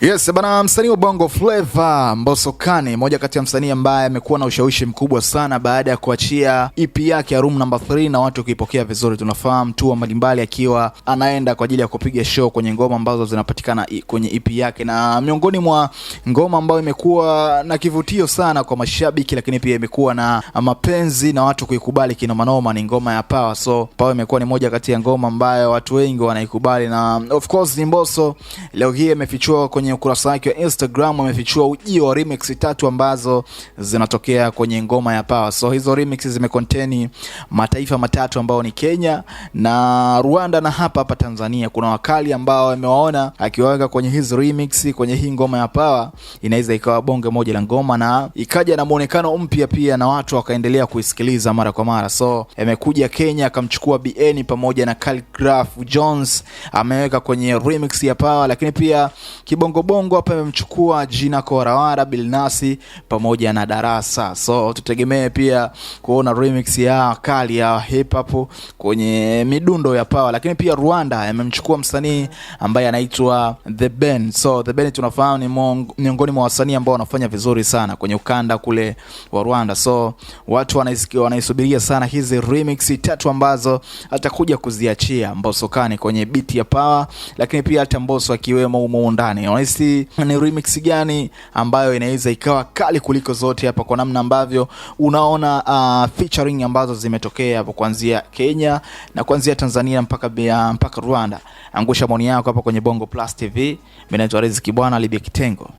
Yes, bana msanii wa Bongo Flava Mbosso Kane, moja kati ya msanii ambaye amekuwa na ushawishi mkubwa sana baada ya kuachia EP yake ya Room Number 3 na watu wakiipokea vizuri. Tunafahamu tu mbalimbali akiwa anaenda kwa ajili ya kupiga show kwenye ngoma ambazo zinapatikana kwenye EP yake, na miongoni mwa ngoma ambayo imekuwa na kivutio sana kwa mashabiki, lakini pia imekuwa na mapenzi na watu kuikubali kinomanoma ni ngoma ya Power. So Power imekuwa ni moja kati ya ngoma ambayo watu wengi wanaikubali, na of course ni Mbosso leo hii imefichua kwenye kwenye ukurasa wake wa Instagram amefichua ujio wa remix tatu ambazo zinatokea kwenye ngoma ya Power. So hizo remix zimecontain mataifa matatu ambao ni Kenya na Rwanda na hapa hapa Tanzania. Kuna wakali ambao amewaona akiwaweka kwenye hizi remix kwenye hii ngoma ya Power, inaweza ikawa bonge moja la ngoma na ikaja na muonekano mpya pia, na watu wakaendelea kuisikiliza mara kwa mara. So amekuja Kenya akamchukua BN pamoja na Khaligraph Jones ameweka kwenye remix ya Power, lakini pia kibongo Bongo Bongo hapa imemchukua jina Korawara, Bilnasi pamoja na Darasa, so tutegemee pia kuona remix ya kali ya hip hop kwenye midundo ya pawa. Lakini pia Rwanda imemchukua msanii ambaye anaitwa The Ben. So The Ben tunafahamu ni miongoni mwa wasanii ambao wanafanya vizuri sana kwenye ukanda kule wa Rwanda, so watu wanaisubiria sana hizi remix tatu ambazo atakuja kuziachia Mbosokani kwenye beat ya pawa, lakini pia hata Mboso akiwemo humo ndani Harmonize ni remix gani ambayo inaweza ikawa kali kuliko zote hapa, kwa namna ambavyo unaona uh, featuring ambazo zimetokea hapo kuanzia Kenya na kuanzia Tanzania mpaka bia, mpaka Rwanda. Angusha maoni yako hapa kwenye Bongo Plus TV. Mimi naitwa Riziki Bwana Libia Kitengo.